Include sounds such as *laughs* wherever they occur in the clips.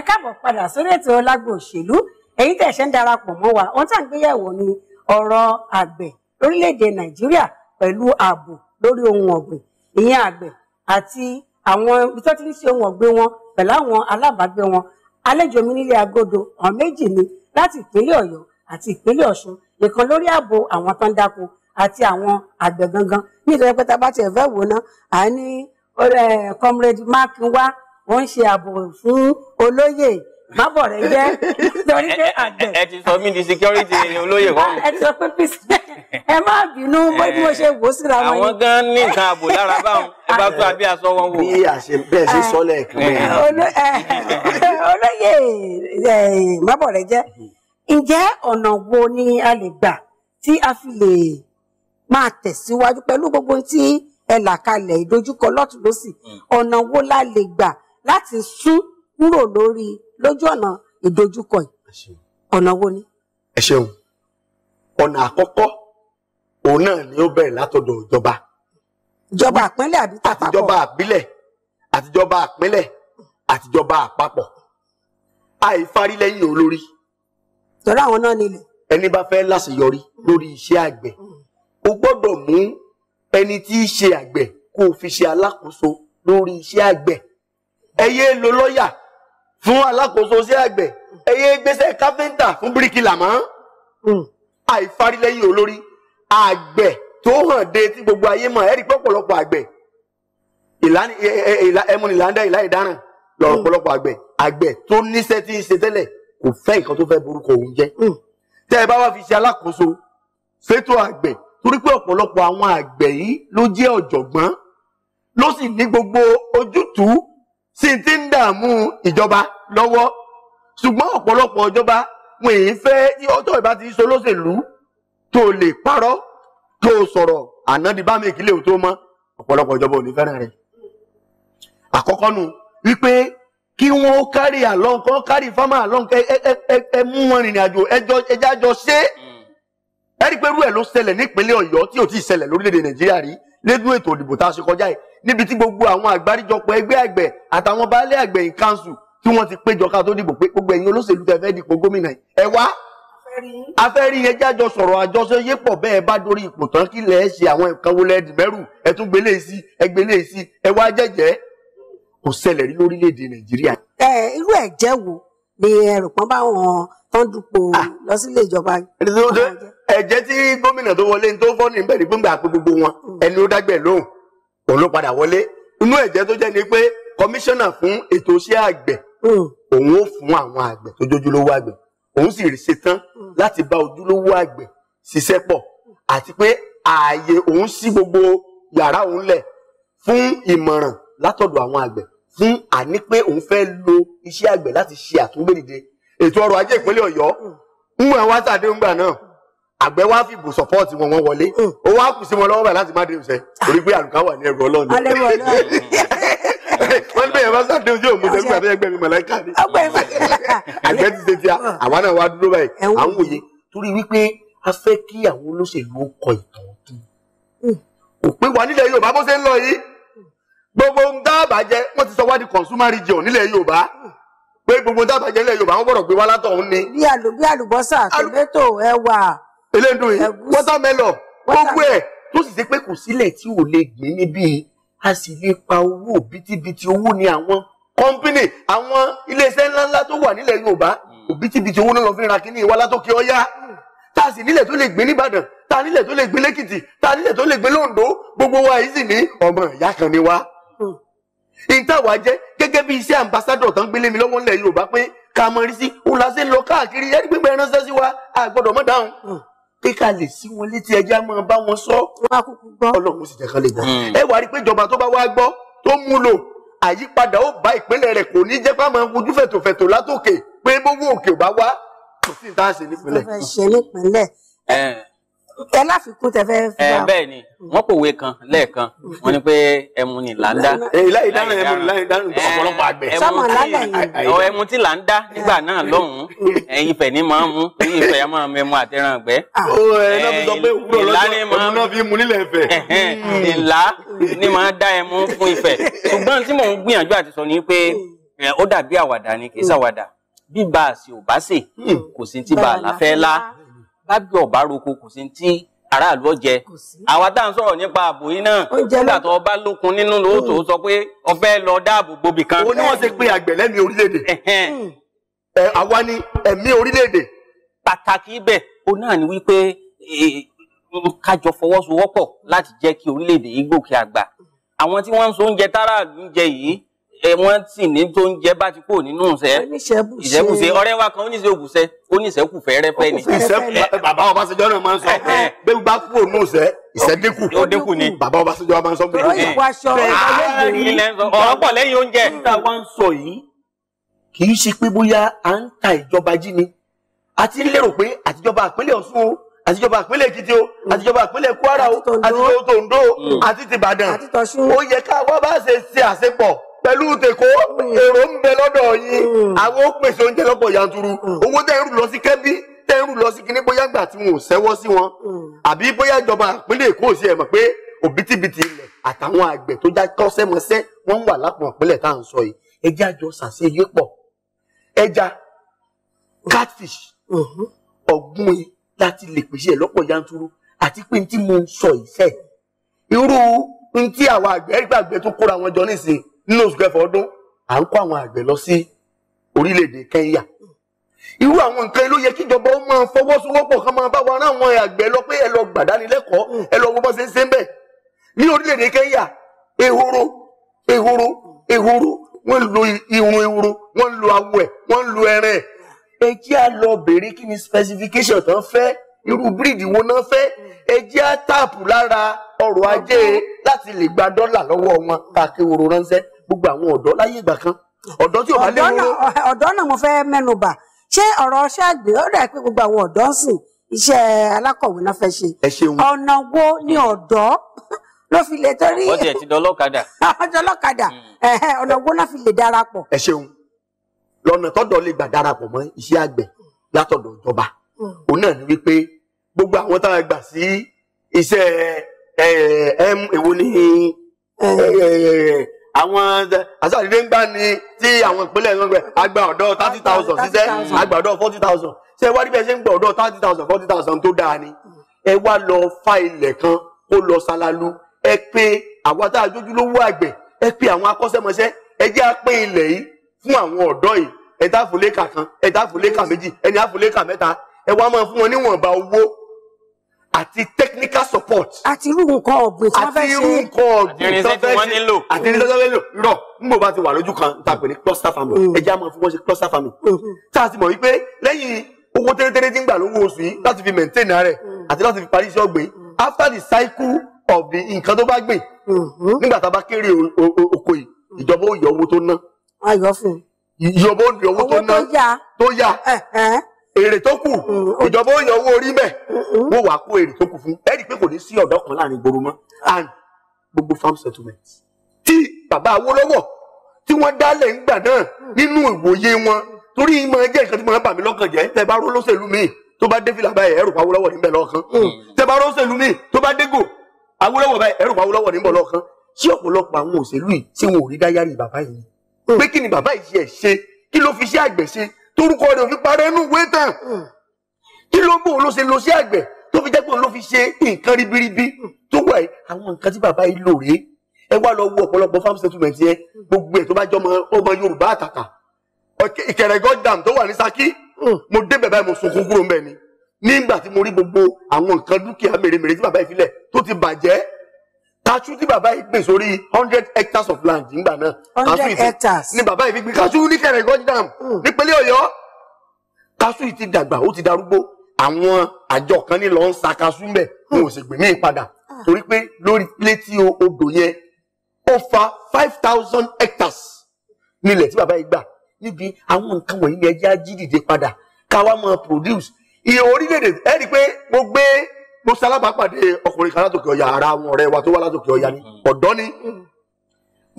ẹ káàbọ̀ padà sórí ètò lágbo òṣèlú èyí tẹ̀ ṣe ń darapọ̀ mọ́ wa ohun tá à ń gbéyàwó ni ọ̀rọ̀ àgbẹ̀ lórílẹ̀‐èdè nàìjíríà pẹ̀lú ààbò lórí ohun ọ̀gbìn ìyẹn àgbẹ̀ àti àwọn ibi ohun ọ̀gbìn wọn pẹ̀lú àwọn alábàágbé wọn àlejò mi nílé agodo ọ̀n méjì ni láti ìpínlẹ̀ ọ̀yọ́ àti ìpínlẹ̀ ọ̀ṣun ìkan lórí ààbò àwọn tó ń dáko àti àwọn àgbẹ̀ gangan nítorí pé tá a bá tiẹ̀ fẹ́ wò ná à eh, comrade mark wá wọ́n ń ṣe ààbò fún olóyè mábọ̀ rẹ̀ jẹ́ torí pé *laughs* àgbẹ̀. ẹ ti sọ mí di security olóyè kan. ẹ ti sọ pé peace ẹ má bínú *laughs* bó bí mo ṣe wò ó síra wọn. àwọn gan ní nǹkan ààbò lára báwọn ẹ bá tó àbí aṣọ wọn wò. bí àṣẹ bẹ́ẹ̀ ṣe sọ lẹ́ẹ̀kan. Eh, eh, *laughs* olóyè eh, mábọ̀ jẹ́ ǹjẹ́ ọ̀nà wo ni a lè gbà tí a fi lè máa tẹ̀síwájú pẹ̀lú gbogbo tí ẹ là kalẹ̀ ìdojúkọ lọ́tùlọ́sì hmm. ọ̀nà wo la lè gbà láti sún kúrò lórí lójú ọ̀nà ìdojúkọ yìí ọ̀nà wo ni. ẹ ṣeun ọ̀nà àkọ́kọ́ òun náà ni ó bẹ̀rẹ̀ látọ̀dọ̀ ìjọba. ìjọba àpínlẹ̀ àbí tàpapọ̀ àtijọba àbílẹ̀ àtijọba àpínlẹ̀ àtijọba àpapọ̀ àìfarí lẹ́yìn olórí. torí àwọn náà nílẹ̀. ẹni bá fẹ́ láṣeyọrí lórí iṣẹ́ àgbẹ̀ o gbọ́dọ̀ mú ẹni tí í ṣe àgbẹ̀ kó o fi ṣe alákòóso lórí iṣẹ́ àgbẹ̀ ẹ yé lo lọ́yà fún alákòóso iṣẹ́ àgbẹ̀ ẹ yé gbéṣẹ́ káfíńtà fún bíríkìlà mọ́ hmm. àìfarilẹ́yìn olórí àgbẹ̀ tó hàn de tí gbogbo ayé mọ̀ ẹ̀rí pọ̀pọ̀lọpọ̀ àgbẹ̀ ẹmúni ìlànà ìlà ìdáràn lọ́rọ̀ hmm. pọ̀lọpọ̀ àgbẹ̀ àgbẹ̀ tó níṣẹ́ tí ń ṣe tẹ́lẹ̀ kò fẹ́ nǹkan tó fẹ́ borúkọ òun jẹ́ hmm. tẹ́ ẹ bá wá fi ṣe alákòóso ṣètò àgbẹ̀ torí pé ọ̀pọ̀lọpọ̀ àwọn àgbẹ̀ yìí ló jẹ́ ọ̀jọ̀gbọ́n ló sì ní gbogbo ojútùú sì ti ń dààmú ìjọba lọ́wọ́ ṣùgbọ́n ọ̀pọ̀lọpọ̀ ìjọba wọn èyí fẹ́ ọjọ́ ìbá ti sọ lóṣèlú tó lè parọ́ tó sọ̀rọ̀ ànádìbámi ìkílẹ̀ òtó mọ́ ọ̀pọ̀lọpọ̀ ìjọba ò ní fẹ́ràn rẹ̀ àkọ́kọ́ nu wípé kí wọ́n kárí àlọ́nkọ́ kárí fámà àlọ́nkọ́ ẹ mú wọn rìnrìn àjò ẹjá jọ ṣe é ẹ rí i pé irú ẹ̀ ló ṣẹlẹ̀ nípínlẹ̀ Ọ̀yọ́ tí ò tí ì ṣẹlẹ̀ lórílẹ̀‐èdè Nàìjíríà rí lẹ́dún ètò ìdìbò tá a ṣe kọjá yìí níbi tí gbogbo àwọn àgbáríjọpọ̀ ẹgbẹ́ àgbẹ̀ àtàwọn baálé àgbẹ̀ in council tí wọ́n ti péjọ ká tó dìbò pé gbogbo ẹ̀yin olóṣèlú tẹ́ fẹ́ dìpò gómìnà ẹ wá afẹ́rí yẹn jájọ sọ̀rọ̀ àjọṣeyépọ̀ bẹ́ẹ̀ bá dorí ipò tán kí lẹ́ẹ̀ ṣe àwọn nǹkan wo lẹ́ẹ̀dì mẹ́rù ẹ tún gbélé sí ẹ gbélé sí ẹ wá jẹ́jẹ́ kò ṣẹlẹ̀ rí lórílẹ̀‐èdè nàìjíríà. ẹ irú ẹ jẹ́ wo ni ẹrù pọ́n báwọn tán dupò ah! lọ sílé ìjọba. ẹ̀jẹ̀ tí gómìnà tó wọlé ń tó fọ́ ní bẹ́ẹ̀ ni gbọ́ngbà pé gbogbo wọn mm. ẹni ó dágbẹ̀ lóhùn òun ló padà wọlé inú ẹ̀jẹ̀ tó jẹ́ ni pé kọmíṣánná fún ètò iṣẹ́ àgbẹ̀ hmm. òun ó fún àwọn àgbẹ̀ tó jójúlówó àgbẹ̀ òun sì ṣetán hmm. láti bá ojúlówó àgbẹ̀ ṣiṣẹ́ pọ̀ àti pé ààyè òun sí gbogbo yàrá òun lẹ̀ fún ìmọ̀ràn látọ̀dọ̀ àwọn àgbẹ̀ fún àní pé òun fẹ́ lo iṣẹ́ àgbẹ̀ láti ṣe àtúngbèrèdè ètò ọrọ̀ ajé ìpínlẹ̀ Ọ̀yọ́ hmm. ń wọ́n wá sàdéhùn náà àgbẹ̀ wá fìbò sọ̀pọ́ọ̀tì wọn wọn wọlé hmm. ó wá kù sí wọn lọ́wọ́ báyìí láti má dé ìṣẹ́ ah. torí pé àlùkà wà ní ẹrù ọlọ́run. alẹ́rù ọlọ́run. *laughs* wọ́n ní bẹ́ẹ̀ bá sáde ojú òun sẹ́gbẹ́ àti ẹgbẹ́ mi mọ̀lẹ́kà ni. àgbẹ̀ ti ṣe tíya hmm. àwa náà wá dúró báyìí à ń wòye torí wípé a fẹ́ kí àwọn olóṣèlú ó kọ ìtàn ọdún. Hmm. òpin wa nílẹ̀ Yorùbá bó ṣe ń lọ yìí gbogbo ń dáàbà jẹ wọ́n ti sọ wá di consumer region nílẹ̀ Yorùbá pé gbogbo ń dáàbà jẹ nílẹ̀ Yorùbá wọ́n gbọ́dọ̀ gbé wá látọ̀ ń ni. bí àlùbọ́sà tòmẹ́tò ẹwà elédùn yìí watermelon gbogbo ẹ̀ tó sì ṣe pé kò sílẹ̀ tí ò lè gbìn níbí a sì lè pa owó bítíbitì owó ní àwọn kọ́ńpínì àwọn iléeṣẹ́ ńláńlá tó wà nílẹ̀ Yorùbá hmm. bítíbitì owó náà lọ fi ra kínní ìwá látòkè ọ̀yá hmm. tá a sì nílẹ̀ tó lè gbé nìbàdàn tá nílẹ̀ tó lè gbé lẹ́kìtì tá nílẹ̀ tó lè gbé lóńdó gbogbo wa yìí sì ní ọmọ ìyá kan ni wa. Hmm. ìtawà jẹ́ gẹ́gẹ́ bí iṣẹ́ ambassadọ̀ tán gbélé mi lọ́wọ́ nílẹ̀ Yorùbá pé kàmọ́rí sí òun la ṣe ń lọ káàkiri ẹni gbígbẹ́ ránṣẹ́ sí wa àgbọ̀dọ̀ mọ́ dáhùn pé ká lè sí wọn létí ẹjẹ á máa bá wọn sọ. wọn á kúkú gbọ́. ọlọ́run sì jẹ́ kán lè gbọ́. Hmm. ẹ wàá rí i pé ìjọba tó bá wá gbọ́ tó mú lò àyípadà ó bá ìpínlẹ̀ rẹ̀ kò ní jẹ́ pé a máa fojú fẹ̀tòfẹ̀tò látòkè pé bówó òkè ò bá wá kò sí ìta ṣe nípínlẹ̀. ọ̀fẹ́ ṣe nípínlẹ̀ eh ẹ láfikún tẹ fẹ́ fi bá. bẹ́ẹ̀ ni wọ́n pòwe kan lẹ́ẹ̀kan wọ́n ní pé ẹmu ni làǹdà. ìlà ìdáná ẹmu ni eh, làǹdà ọ̀pọ̀lọpọ̀ àgbẹ̀. sọmọ lálẹ́ yìí. ọ ẹmu ti làǹdà nígbà náà lọ́hùn-ún ẹyin ìfẹ́ ni máa ń mú ẹyin ìfẹ́ máa ń mẹ́mu àtẹ̀ràn àgbẹ̀. Ah. Oh, ìlà ni máa ń mú nílẹ̀ ìfẹ́. ìlà ni máa ń dá ẹmu fún ìfẹ́ ṣùgbọ́n tí mò ń gbìyànjú àti sọ ni pé ó dàbí àwàdà ni kì í ṣàwàdà bí bá a sì ò bá sè hmm. kò sí ti bá a láfẹ́ lá kábí ọ̀bá roko kò sí tí aráàlú ọ̀jẹ̀ àwa tá à sọ̀rọ̀ nípa ààbò yìí náà nígbà tó ọba lókun nínú lóòótọ́ sọ pé ọbẹ̀ lọ dáàbò gbòbì kan. ó ní wọ́n ṣe pé àgbẹ̀ lẹ́mí orílẹ̀-èdè hmm. àwa ni ẹ̀mí orílẹ̀-èdè. pàtàkì ibẹ̀ o náà ni wípé e, kájọ fọwọ́sowọ́pọ̀ láti jẹ́ kí orílẹ̀-èdè yìí gòkè àgbà àwọn tí wọ́n ń so oúnjẹ táráàlú ń jẹ yìí wọ́n tì ní tó ń jẹ́ bá ti kúrò nínú ìṣẹ́ ìṣẹ́kùṣe ọ̀rẹ́ wa kan oníṣẹ́ òkùṣẹ́ oníṣẹ́ kùfẹ́ rẹ́pẹ́ ni. bàbá Ọbásanjọ́ náà máa ń sọ bẹ́ẹ̀ gbá kúrò nínú ìṣẹ́ ìṣẹ́dínkù ó dínkù ni bàbá Ọbásanjọ́ máa ń sọ bẹ́ẹ̀. ó yẹ wá aṣọ ọ̀rọ̀ pọ̀ lẹ́yìn oúnjẹ. nígbà wa ń sọ yìí kì í ṣe pé bóyá à ń ta ìjọba jí ni àti lérò pé àtijọba àpínlẹ̀ Ọ̀ṣun o àtijọba àpínlẹ̀ Èkìtì o hmm. àtijọba àpínlẹ̀ Kwara o àtijọba tòǹdó àti hmm. tìbàdàn ó yẹ ká wá bá ṣe ṣe àṣepọ̀ pẹ̀lú tèkó èrò ń bẹ lọ́dọ̀ yín mm. àwọn ó pèsè oúnjẹ lọ́pọ̀ yanturu mm. owó tẹ́ ń rù lọ sí kẹ́bí tẹ́ ń rù lọ sí kíní bóyá gbà tí wọn ò sẹ́wọ́ sí wọn mm. àbí bóyá ìjọba ìpínlẹ̀ Èkó ò sí ẹ̀ mọ̀ pé òbítíbitì ilẹ̀ àtàwọn àgbẹ̀ tó já tọ́sẹ́mọsẹ́ wọ́n wà lápò ìpínlẹ̀ tá à ń sọ yìí ẹja jọ sàṣẹ yé pọ̀ ẹja catfish mm-hmm. ọ̀gbun láti lè pèsè lọ́pọ̀ yanturu àti pé n tí mo ń sọ ìṣe irú n tí àwọn àgbẹ̀ gbàgbé tó kóra wọn jọ nísìnyí nínú oṣù kẹfà ọdún à ń kó àwọn àgbẹ̀ lọ sí orílẹ̀-èdè Kenya irú àwọn nǹkan ló yẹ kíjọba ó máa fọwọ́sowọ́pọ̀ kan máa bá wa rán àwọn àgbẹ̀ lọ pé ẹ lọ gbàdánilẹ́kọ̀ọ́ ẹ lọ wo bá ṣe ń ṣe ń bẹ̀ ní orílẹ̀-èdè Kenya ehoro ehoro ehoro wọ́n ń lo irun ehoro wọ́n ń lo awọ ẹ̀ wọ́n ń lo ẹran ẹ̀ ẹ jẹ́ à lọ bèrè kí ni specification tán fẹ́ irú bíríìdì wo náà fẹ́ ẹ jẹ́ à táàpù lára ọrọ̀ ajé láti lè gba dọ́là lọ́wọ́ wọn káàkiri wòrò ránṣẹ́ gbogbo àwọn ọ̀dọ́ láyé ìgbà kan ọ̀dọ́ tí ò bá lé wọn. ọ̀dọ́ náà mo fẹ́ mẹ́nu bà ṣé ọ̀rọ̀ ṣẹ́ àgbẹ̀ ó dà pé gbogbo àwọn ọ̀dọ́ ń sìn iṣẹ́ alákọ̀wé náà fẹ́ ṣe ọ̀nà wo ni ọ̀dọ́ ló fi lè torí ọjọ́ ẹ̀ ti dọlọ́kadà ọjọ́ ọlọ́kadà *laughs* hmm. ọ̀nà wo náà fi lè darapọ̀. ẹ ṣeun lọ́nà tọ́dọ̀ lè gbà darapọ̀ mọ́ iṣẹ́ àgbẹ̀ látọ̀dọ̀ ìjọba hmm. òun náà ni wípé àwọn àṣàdédé ń gbà ní tí àwọn ìpínlẹ̀ ń gbẹ agba ọ̀dọ́ thirty thousand ṣiṣẹ́ agba ọ̀dọ́ forty thousand ṣe wá níbẹ̀ ṣe ń gbọ̀ ọ̀dọ́ thirty thousand forty thousand tó dáa ni ẹ wá lọ fa ilẹ̀ kan kó lọ ṣalalu ẹ pé àwa tá a jójú lówó àgbẹ̀ ẹ pé àwọn akọ́ṣẹ́mọṣẹ́ ẹ jẹ́ apẹ́ ilẹ̀ yìí fún àwọn ọ̀dọ́ yìí ẹ̀dá fúnlẹ́kà kan ẹ̀dá fúnlẹ́kà méjì ẹni àfúnlẹ́kà mẹ́ta ẹ wá máa fún wọn níwọ̀nba owó àti technical support. àti irú nǹkan ọ̀gbìn tí wọ́n fẹ́ ṣe àti irú nǹkan ọ̀gbìn tí wọ́n fẹ́ ṣe àti irú nǹkan ọ̀gbìn rọ nígbà bá ti wà lójú kan tá a pè ní cluster farming mm. ẹja máa fún wọn ṣe cluster farming tá mm. a ti mọ̀ wípé lẹ́yìn owó tẹ́lẹ̀tẹ́lẹ̀ ti ń gbà lówó oṣù yìí láti fi maintain rẹ̀ mm. àti láti fi parí iṣẹ́ ọ̀gbìn after the cycle of the nǹkan tó bá gbìn mm-hmm. nígbà tá a bá kéré oko yìí ìjọba ó yọ owó tó ná. ayọ̀ fún. ìjọba ó yọ owó tó ná tó yá èrè tó kù ìjọba ó yan owó orí mẹ wọ́n wàá kó èrè tó kù fún ẹ pé kò ní sí ọ̀dọ́ kan láàrin ìgboro mọ́ and gbogbo farm settlement tí bàbá Awólọ́wọ̀ tí wọ́n dálẹ̀ ńgbà náà nínú ìwòye wọn torí ìmọ̀ jẹ́ nǹkan tí mo bà mí lọ́kàn jẹ́ tẹ́ bá rólóṣèlú mi tó bá dé fìlà báyìí ẹrù Awólọ́wọ̀ níbẹ̀ lọ́ọ̀kan tẹ́ bá rólóṣèlú mi tó bá dégò Awólọ́wọ̀ báyìí ẹrù Awólọ́wọ̀ níbẹ̀ lọ́ọ̀kan tí ọ̀pọ̀lọpọ̀ àwọn òṣèlú yìí tí wọn ò rí dáyàrí bàbá yìí pé kí ni bàbá yìí ṣe kí ló fi ṣe àgbẹ̀ ṣe torúkọ rẹ̀ ò fi parẹ́ nù wé tán kí ló bò ló ṣe lọ sí àgbẹ̀ tó fi jẹ́ pé òun ló fi ṣe nǹkan ribiribi tó wà àwọn nǹkan tí bàbá yìí lò rèé ẹ wá lọ wo ọ̀pọ̀lọpọ̀ farm settlement yẹn gbogbo ẹ̀ tó bá jọmọ ọmọ Yorùbá àtàtà Ìkẹrẹgọ́ dam tó wà ní Ṣakí mo dé bẹ̀bẹ̀ mo sunkún kúrò mbẹ̀ ni nígbà tí mo rí gbogbo àwọn nǹkan dúkìá mèremère tí bàbá yìí filẹ̀ tó ti bàjẹ́ kaṣú tí bàbá yìí gbìn sórí hundred hectares of land nígbà náà hundred hectares ni bàbá yìí fi gbìn kaṣú ní kẹrẹgọjì dam hmm. nípínlẹ̀ Ọ̀yọ́ kaṣú yìí ti dàgbà ó ti darúgbó àwọn àjọ kan ní lọ ń sa kaṣú mbẹ hmm. wọn ò sì gbìn míì padà ah. torí pé lórí létí odò yẹn ó fa five thousand hectares nílẹ̀ tí bàbá yìí gbà níbi àwọn nǹkan wọ̀nyí ni ẹjẹ́ ajídìde padà káwa máa produce ìyẹn orílẹ̀-èdè ẹ̀ rí i pé mo mo ṣalábàápàdé ọkùnrin kan látòkè ọ̀yà ara àwọn ọ̀rẹ́ wa tó wá látòkè ọ̀yà ni ọ̀dọ́ ni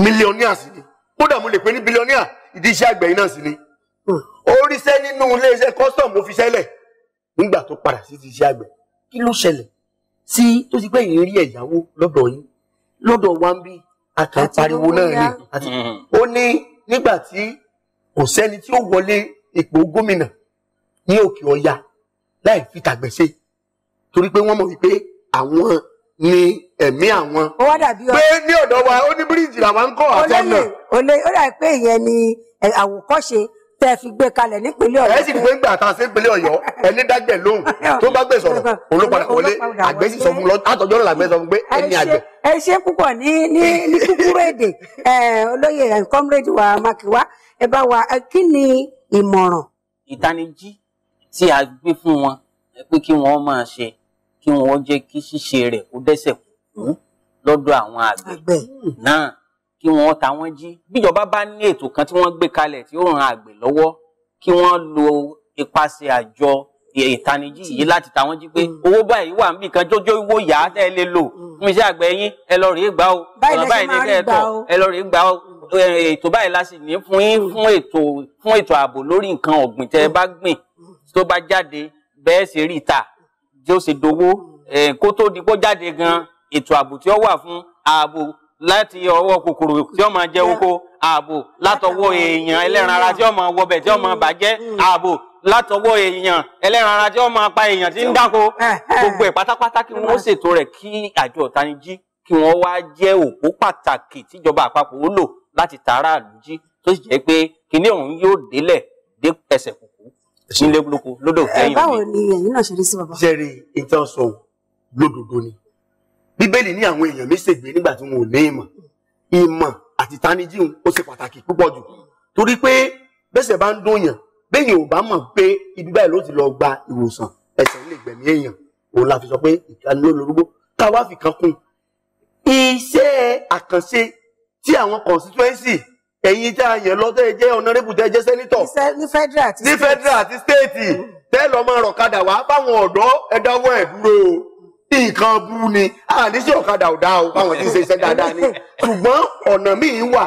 mílíọ̀nìà sì ni kódà mo lè pè ní bílíọ̀nìà ìdí iṣẹ́ àgbẹ̀ yìí náà sì ni ó ríṣẹ́ nínú iléeṣẹ́ custom ó fi ṣẹlẹ̀ nígbà tó padà sí ti iṣẹ́ àgbẹ̀ kí ló ṣẹlẹ̀ sí tó ti pẹ́ yìí rí ẹ̀yáwó lọ́dọ̀ yín lọ́dọ̀ wa bí àtàn náà ni mm. ó ní nígbà tí kò sẹ́ni tí ó wọlé ipò gómìnà ní òkè ọya láì fi tàgbẹ̀ ṣe torí pé wọ́n mọ̀ wípé àwọn ni ẹ̀mí àwọn. ó wá dàbí ọ pé ní ọ̀dọ̀ wa ó ní bíríìjì làwọn ń kọ́ àtọ́nà. olóyè ó dàbí pé ìyẹn ni àwòkọ́ṣe tẹ́ ẹ fi gbé kalẹ̀ nípínlẹ̀ ọ̀yọ́. ẹ sì gbé gbà tá a ṣe nípínlẹ̀ ọ̀yọ́ ẹni dágbẹ̀ lóhùn tó bá gbẹ̀ sọ̀rọ̀ olópadà wọlé àgbẹ̀ sì sọ fún lọ àtọ̀jọ́ rẹ̀ làgbẹ̀ sọ fún pé ẹni àgbẹ̀. ẹ ṣe púpọ̀ ní ní ní kúkúrú èdè olóyè comrade wa makiwa ẹ bá wa kí ni ìmọ̀ràn. ìtanijí tí a gbé fún wọn pé kí wọ́n máa ṣe kí wọ́n jẹ́ kí ṣíṣe rẹ̀ kó dẹ́sẹ̀ kún lọ́dọ̀ àwọn àgbẹ̀ náà kí wọ́n ta wọ́n jí bíjọba bá ní ètò kan tí wọ́n gbé kalẹ̀ tí ó ran àgbẹ̀ lọ́wọ́ kí wọ́n lo ipasẹ̀ àjọ ìtanijí yìí láti ta wọ́n jí pé mm. owó báyìí wà níbi kan jójó owó yá tẹ́ ẹ lè lò mm. fún iṣẹ́ àgbẹ̀ yín ẹ lọ rèé gbà o ọ̀nà báyìí ní kẹ́ ẹ tọ̀ ẹ lọ rèé gbà o mm. ètò báyìí la sì ní fún yín fún ètò fún ètò ààbò lórí nǹkan ọ̀gbìn tẹ́ ẹ bá gbìn tó bá jáde bẹ́ẹ̀ ṣe rí ta jẹ́ ó ṣe dowó hmm. eh, kó tó di kó jáde gan ètò ààbò tí ó wà fún ààbò láti ọwọ́ kòkòrò tí ó máa jẹ oko ààbò látọwọ́ èèyàn ẹlẹ́ran ara tí ó máa wọbẹ̀ tí ó máa hmm. bàjẹ́ hmm. ààbò látọwọ́ èèyàn ẹlẹ́ran ara tí ó máa pa èèyàn tí ń dáko gbogbo ẹ̀ pátápátá kí wọ́n ṣètò rẹ̀ kí àjọ ọ̀tanijí kí wọ́n wá jẹ́ òpó pàtàkì tíjọba àpapọ̀ ó lò láti tààrà àlùjí tó sì jẹ́ pé kinní ọ̀hún yóò délẹ̀ dé ẹsẹ̀ kù nílé lóko lódò fẹ́yìn. Eh, báwo ni ẹ̀yin náà ṣe rí sí bàbá. jẹ́rì ìtàn sọ lódodo ni bíbélì ní àwọn èèyàn méṣègbè nígbà tí wọn ò ní ìmọ̀ ìmọ̀ àti taníjíhun ó ṣe pàtàkì púpọ̀ jù torí pé bẹ́sẹ̀ bá ń dùnyàn béèyàn ò bá mọ̀ pé ibi báyìí ló ti lọ gba ìwòsàn ẹsẹ̀ ń lè gbẹ̀mí èèyàn òun la fi sọ pé ìkànnì olórúgbó káwá fi kan kún iṣẹ́ àkànṣe tí àwọn constituency ẹ̀yin tí a yàn lọ tẹ́ ẹ jẹ́ ọ̀nàrẹ́bù tẹ́ ẹ jẹ́ sẹ́nitọ̀ ní federal àti state ní federal àti state mm. tẹ́ lọ́ máa rọ̀kadà wá báwọn ọ̀dọ́ ẹ dáwọ́ ẹ̀ dúró nǹkan bú ni àníṣe ọ̀kadà ò dáa o báwọn ti ń ṣe iṣẹ́ dáadáa ni *laughs* ṣùgbọ́n ọ̀nà míì wà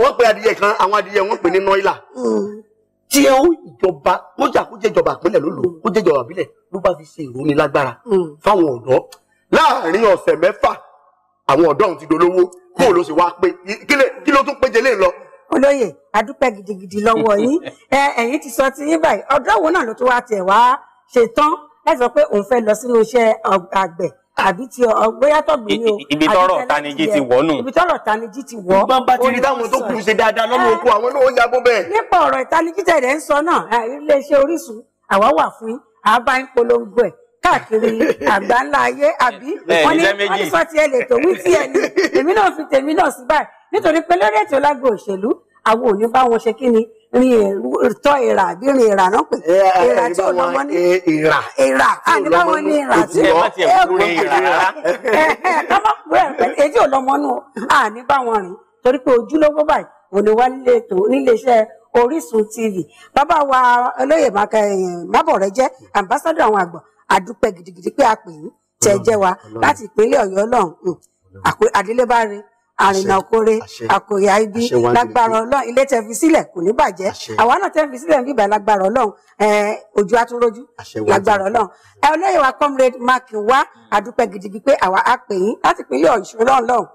wọ́n pe adìyẹ kan àwọn adìyẹ wọ́n pè ní nọ́ìlà mm. tí ó ìjọba kójà kójẹ ìjọba àpínlẹ̀ ló lò kójẹ ìjọba àpínlẹ̀ ló bá fi ṣe ìrónilágbára mm. fáwọn ọ̀dọ́ láàárín ọ̀sẹ̀ mẹ́fà àwọn ọ̀dọ́ òun ti dolówó bóò ló sì wá pé kí ló tún péjele lọ. olóyè adúpẹ́ gidigidi lọ́wọ́ yín ẹ̀yin ti sọ ti yín báyìí ọ̀dọ́ òun náà ló tún wá tiẹ̀ wá ṣetán láti sọ pé òun fẹ́ lọ sínú iṣẹ́ àgbẹ̀ àbí ti ọgbóyá tọ̀gbìn ni o. ibi tọrọ taniji ti wọ nù. ibi tọrọ taniji ti wọ. gbọ́n bá ti rí táwọn tó kù ṣe dáadáa lọ́nà oko àwọn náà ó ya bó bẹ́ẹ̀. nípa ọ̀rọ̀ ìtanijí tẹ̀lé ń sọ náà iléeṣẹ́ Orísun àwa wà fún yín àá polongo ẹ̀ káàkiri àgbáńlá ayé àbí wọn ní wọn ní sọtì ẹ lè tó wí tí ẹ ní èmi náà fi tèmi náà sí báyìí nítorí pé lórí ètò lágbo òṣèlú àwọn ò ní bá wọn ṣe kí ni rin tọ ìrà àbí rin ìrà náà pé ìrà tí ò lọ́wọ́ ní ìrà ìrà àní báwọn ní ìrà tí ò lọ́wọ́ ní ìrà kámá bẹ́ẹ̀ pẹ̀lú èyí ò lọ́mọ nù àní báwọn rìn torí pé ojúlówó báyìí òní wá nílé ètò nílé iṣẹ́ Orísun TV bàbá wa olóyè eh, mábọ̀rẹ́ jẹ́ ambassador àwọn àgbà àdúpẹ́ gidigidi pé a pè yín tẹ́ jẹ́ wa láti ìpínlẹ̀ Ọ̀yọ́ lọ́hùn àdélébáre àrìnà òkore àkòyà ibi lágbára Ọlọ́run ilé tẹ́ fi sílẹ̀ kò ní bàjẹ́ àwa náà tẹ́ fi sílẹ̀ bíbà lágbára Ọlọ́run ojú atúrójú lágbára Ọlọ́run ẹ olóyè wa comrade mark wa àdúpẹ́ gidigidi pé àwa á pè yín láti ìpínlẹ̀ Ọ̀yọ́ lọ́hùn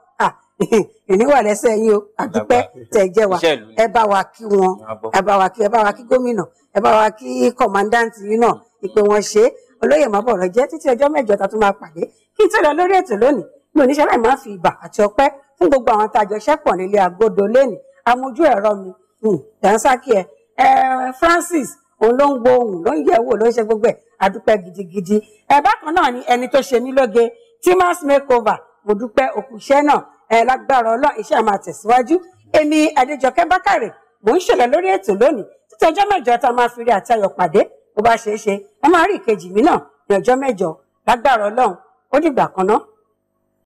ìníwà lẹ́sẹ̀ yín o àdúpẹ́ tẹ́ jẹ́ wa ẹ bá wa kí wọn ẹ bá wa kí ẹ gómìnà ẹ bá wa kí kọmandanti yín náà ìpè wọn ṣe olóyè mọ́bọ̀rọ̀ jẹ́ títí ọjọ́ mẹ́jọ tá a tún máa pàdé kí n tó lọ lórí ètò lónìí mi ò níṣẹ́ láì máa fi ìbà àti ọpẹ́ fún gbogbo àwọn tá a jọ ṣẹ́pọ̀ nílé agodo lẹ́nìí amójú ẹ̀rọ mi hmm, dànsákì ẹ Francis òun ló ń gbo ohun ló ń yẹ wò ló ń ṣe gbogbo ẹ̀ adúpẹ́ gidigidi ẹ bákan náà ni ẹni tó ṣe mí timas makeover mo dúpẹ́ òkú iṣẹ́ náà ẹ lágbára Ọlọ́run iṣẹ́ máa tẹ̀síwájú èmi Adéjọkẹ́ Bákàrẹ̀ mò ń ṣẹlẹ̀ lórí ètò lónìí títí ọjọ́ mẹ́jọ tá máa fi rí àtayọ̀ pàdé bó bá ṣeé ṣe wọn máa rí ìkejì mi náà ní ọjọ́ mẹ́jọ lágbára Ọlọ́run ó dìgbà kan náà